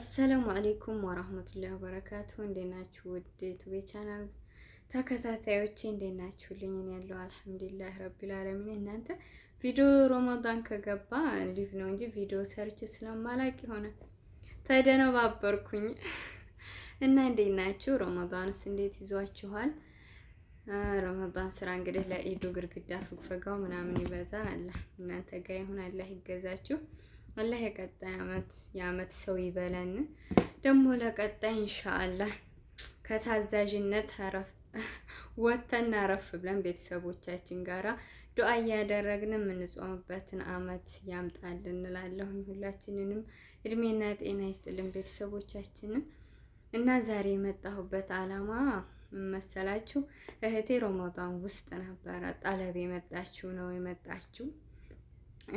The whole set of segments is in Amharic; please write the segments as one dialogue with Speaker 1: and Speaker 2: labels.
Speaker 1: አሰላሙ አሌይኩም ወራህመቱላሂ ወበረካቱ። እንዴት ናችሁ? ውድ ዩቲዩብ ቻናል ተከታታዮቼ እንዴት ናችሁልኝ? እኔ ያለው አልሐምዱሊላህ ረቢል ዓለሚን። እናንተ ቪዲዮ ሮመዳን ከገባ ሊቭ ነው እንጂ ቪዲዮ ሰርች ስለማላቅ ሆነ ተደነባበርኩኝ እና እንዴት ናችሁ? ሮመዳንስ እንዴት ይዟችኋል? ረመዳን ስራ እንግዲህ ለኢዱ ግርግዳ ፍግፈጋው ምናምን ይበዛል። አላህ እናንተ ጋር ይሁን። አላህ ይገዛችሁ። አላህ የቀጣይ አመት የአመት ሰው ይበለን። ደግሞ ለቀጣይ ኢንሻአላህ ከታዛዥነት አረፍ ወተን አረፍ ብለን ቤተሰቦቻችን ጋራ ዱአ እያደረግን የምንጾምበትን አመት ያምጣልን እንላለሁ። ሁላችንንም እድሜና ጤና ይስጥልን ቤተሰቦቻችንን እና ዛሬ የመጣሁበት አላማ መሰላችሁ እህቴ ሮሞቷን ውስጥ ነበረ ጣለብ የመጣችሁ ነው የመጣችው።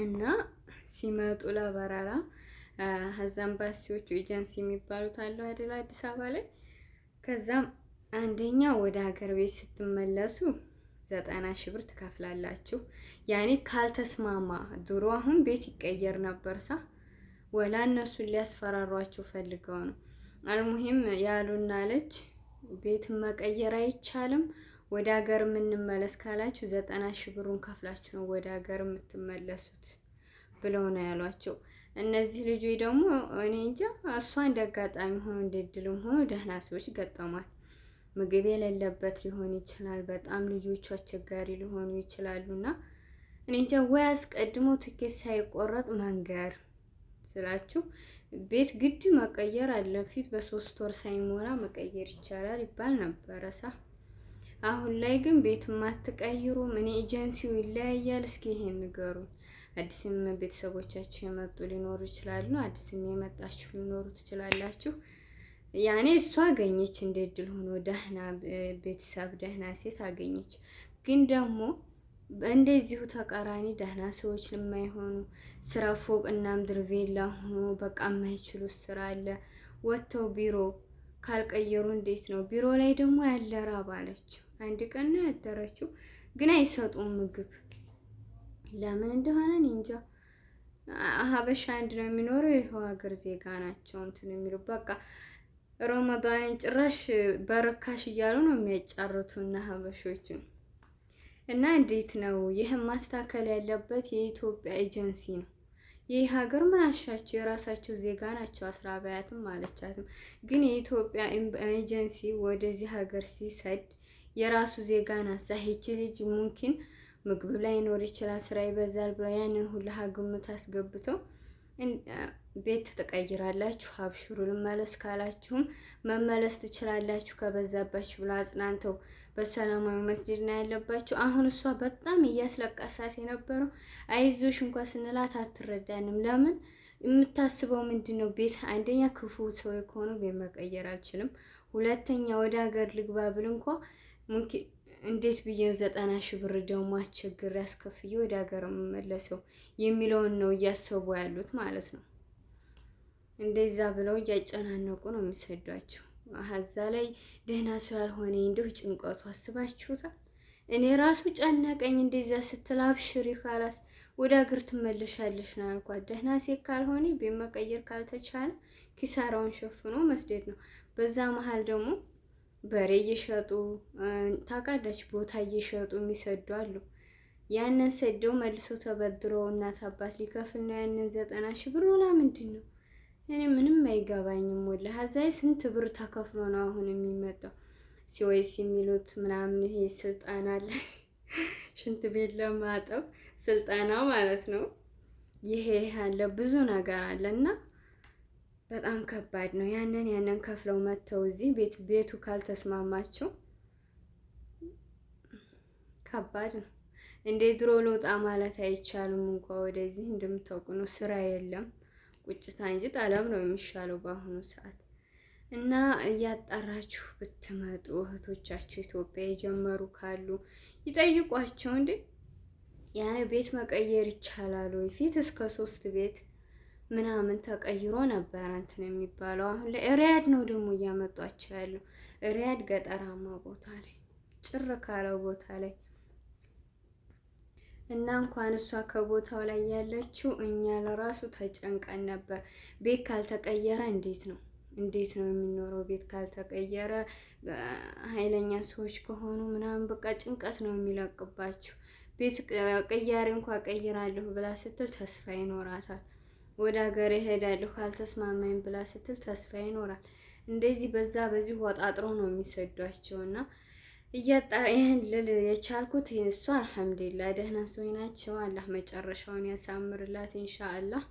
Speaker 1: እና ሲመጡ ለበረራ ሀዛን ኤምባሲዎቹ ኤጀንሲ የሚባሉት አለው አይደል አዲስ አበባ ላይ። ከዛም አንደኛ ወደ ሀገር ቤት ስትመለሱ ዘጠና ሺህ ብር ትከፍላላችሁ። ያኔ ካልተስማማ ድሮ አሁን ቤት ይቀየር ነበር ሳ ወላ እነሱን ሊያስፈራሯቸው ፈልገው ነው። አልሙሂም ያሉና ልጅ ቤትን መቀየር አይቻልም ወደ ሀገር የምንመለስ ካላችሁ ዘጠና ሺህ ብሩን ከፍላችሁ ነው ወደ ሀገር የምትመለሱት ብለው ነው ያሏቸው። እነዚህ ልጆች ደግሞ እኔ እንጃ እሷ እንደ አጋጣሚ ሆኖ እንደ እድልም ሆኖ ደህና ሰዎች ገጠሟት። ምግብ የሌለበት ሊሆን ይችላል። በጣም ልጆቹ አስቸጋሪ ሊሆኑ ይችላሉና እኔ እንጃ ወይ አስቀድሞ ትኬት ሳይቆረጥ መንገር ስላችሁ ቤት ግድ መቀየር አለፊት በሶስት ወር ሳይሞላ መቀየር ይቻላል ይባል ነበረ ሳ አሁን ላይ ግን ቤት ማትቀይሩ ምን ኤጀንሲው ይለያያል? እስኪ ይሄን ንገሩ። አዲስም ቤተሰቦቻችሁ የመጡ ሊኖሩ ይችላሉ። አዲስም የመጣችሁ ሊኖሩ ትችላላችሁ። ያኔ እሷ አገኘች እንደ እድል ሆኖ ደህና ቤተሰብ ደህና ሴት አገኘች። ግን ደግሞ እንደዚሁ ተቃራኒ ደህና ሰዎች ለማይሆኑ ስራ ፎቅ እና ምድር ቬላ ሆኖ በቃ የማይችሉት ስራ አለ። ወጥተው ቢሮ ካልቀየሩ እንዴት ነው? ቢሮ ላይ ደግሞ ያለ ራብ አለችው። አንድ ቀን ነው ያደረችው፣ ግን አይሰጡም ምግብ። ለምን እንደሆነ እኔ እንጃ። ሀበሻ አንድ ነው የሚኖረው፣ ይኸው ሀገር ዜጋ ናቸው እንትን የሚሉ በቃ ረመዳንን ጭራሽ በርካሽ እያሉ ነው የሚያጫርቱና ሀበሾችን እና እንዴት ነው ይህም ማስተካከል ያለበት የኢትዮጵያ ኤጀንሲ ነው። ይህ ሀገር ምን አሻቸው የራሳቸው ዜጋ ናቸው። አስራባያትም አለቻትም ግን የኢትዮጵያ ኤጀንሲ ወደዚህ ሀገር ሲሰድ የራሱ ዜጋ ናት። ዛሄች ልጅ ሙምኪን ምግብ ላይ ይኖር ይችላል፣ ስራ ይበዛል ብላ ያንን ሁሉ ግምት አስገብተው ቤት ትቀይራላችሁ፣ አብሽሩ ልመለስ ካላችሁም መመለስ ትችላላችሁ ከበዛባችሁ ብላ አጽናንተው በሰላማዊ መስደድ ነው ያለባችሁ። አሁን እሷ በጣም እያስለቀሳት የነበረው አይዞሽ እንኳ ስንላት አትረዳንም። ለምን የምታስበው ምንድን ነው? ቤት አንደኛ ክፉ ሰው ከሆነ ቤት መቀየር አልችልም፣ ሁለተኛ ወደ ሀገር ልግባ ብል እንኳ እንዴት ብዬ ዘጠና ሺህ ብር ደግሞ አስቸግር ያስከፍዬ ወደ ሀገር መመለሰው የሚለውን ነው እያሰቡ ያሉት ማለት ነው። እንደዛ ብለው እያጨናነቁ ነው የሚሰዷቸው። አዛ ላይ ደህና ሰው ያልሆነ እንዲሁ ጭንቀቱ አስባችሁታል። እኔ ራሱ ጨነቀኝ። እንደዚያ ስትል አብሽሪ ካላስ ወደ ሀገር ትመለሻለሽ ነው ያልኳት። ደህና ሴት ካልሆነ ቤት መቀየር ካልተቻለ ኪሳራውን ሸፍኖ መስደድ ነው። በዛ መሀል ደግሞ በሬ እየሸጡ ታውቃለች፣ ቦታ እየሸጡ የሚሰዱ አሉ። ያንን ሰደው መልሶ ተበድሮ እናት አባት ሊከፍል ነው። ያንን ዘጠና ሺህ ብር ሆና ምንድን ነው? እኔ ምንም አይገባኝም። ወላ ሀዛይ ስንት ብር ተከፍሎ ነው አሁን የሚመጣው? ሲወይስ የሚሉት ምናምን ይሄ ስልጣን አለ፣ ሽንት ቤት ለማጠብ ስልጠና ማለት ነው። ይሄ ያለ ብዙ ነገር አለ እና በጣም ከባድ ነው። ያንን ያንን ከፍለው መጥተው እዚህ ቤት ቤቱ ካልተስማማቸው ከባድ ነው። እንደ ድሮ ልውጣ ማለት አይቻልም። እንኳ ወደዚህ እንደምታውቁ ነው፣ ስራ የለም ቁጭታ እንጂ ጠለብ ነው የሚሻለው በአሁኑ ሰዓት እና እያጣራችሁ ብትመጡ እህቶቻችሁ ኢትዮጵያ የጀመሩ ካሉ ይጠይቋቸው። እንዴ ያኔ ቤት መቀየር ይቻላል ወይ ፊት እስከ ሶስት ቤት ምናምን ተቀይሮ ነበረ እንትን የሚባለው። አሁን ላይ ሪያድ ነው ደግሞ እያመጧቸው ያለው። ሪያድ ገጠራማ ቦታ ላይ ጭር ካለው ቦታ ላይ እና እንኳን እሷ ከቦታው ላይ ያለችው እኛ ለራሱ ተጨንቀን ነበር። ቤት ካልተቀየረ እንዴት ነው እንዴት ነው የሚኖረው? ቤት ካልተቀየረ ኃይለኛ ሰዎች ከሆኑ ምናምን በቃ ጭንቀት ነው የሚለቅባችሁ። ቤት ቅያሬ እንኳ ቀይራለሁ ብላ ስትል ተስፋ ይኖራታል። ወደ ሀገር እሄዳለሁ ካልተስማማኝ ብላ ስትል ተስፋ ይኖራል። እንደዚህ በዛ በዚህ ወጣጥሮ ነው የሚሰዷቸው እና እያጣራ ይህን ልል የቻልኩት እሱ አልሐምዱሊላ ደህና ሰዎች ናቸው። አላህ መጨረሻውን ያሳምርላት ኢንሻአላህ።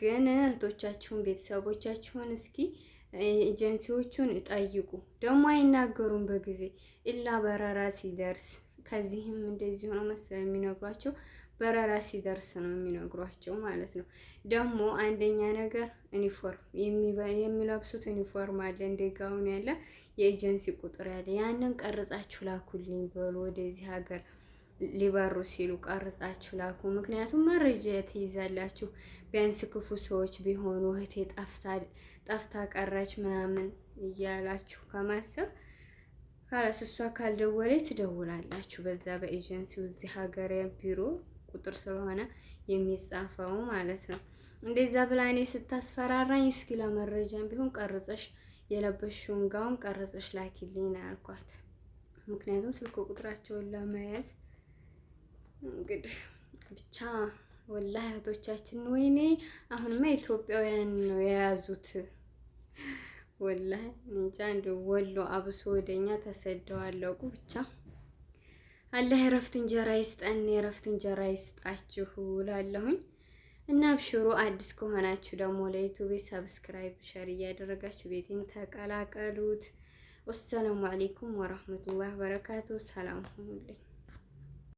Speaker 1: ግን እህቶቻችሁን ቤተሰቦቻችሁን እስኪ ኤጀንሲዎቹን ጠይቁ። ደግሞ አይናገሩም በጊዜ ኢላ በረራ ሲደርስ ከዚህም እንደዚህ ሆኖ መሰለኝ የሚነግሯቸው በረራ ሲደርስ ነው የሚነግሯቸው ማለት ነው። ደግሞ አንደኛ ነገር ዩኒፎርም የሚለብሱት ዩኒፎርም አለ፣ እንደ ጋውን ያለ የኤጀንሲ ቁጥር ያለ ያንን ቀርጻችሁ ላኩልኝ በሉ። ወደዚህ ሀገር ሊበሩ ሲሉ ቀርጻችሁ ላኩ። ምክንያቱም መረጃ ትይዛላችሁ። ቢያንስ ክፉ ሰዎች ቢሆኑ እህቴ ጠፍታ ቀረች ምናምን እያላችሁ ከማሰብ ካላስ እሷ ካልደወለች ትደውላላችሁ። በዛ በኤጀንሲው እዚህ ሀገር ቢሮ ቁጥር ስለሆነ የሚጻፈው ማለት ነው። እንደዛ ብላ እኔ ስታስፈራራኝ እስኪ ለመረጃም ቢሆን ቀርጸሽ የለበሽውን ጋውን ቀርጸሽ ላኪልኝ ነው ያልኳት። ምክንያቱም ስልክ ቁጥራቸውን ለመያዝ እንግዲህ ብቻ ወላሂ እህቶቻችን፣ ወይኔ አሁንማ ኢትዮጵያውያን ነው የያዙት። ወላሂ እንጃ እንደ ወሎ አብሶ ወደኛ ተሰደዋለቁ ብቻ አላህ የረፍት እንጀራ ይስጠን፣ የረፍት እንጀራ ይስጣችሁ እላለሁኝ እና አብሽሩ። አዲስ ከሆናችሁ ደግሞ ለዩቱብ ሰብስክራይብ፣ ሸር እያደረጋችሁ ቤቴን ተቀላቀሉት። ወሰላሙ አሌይኩም ወረህመቱላህ በረካቱ። ሰላም ሁኑልኝ።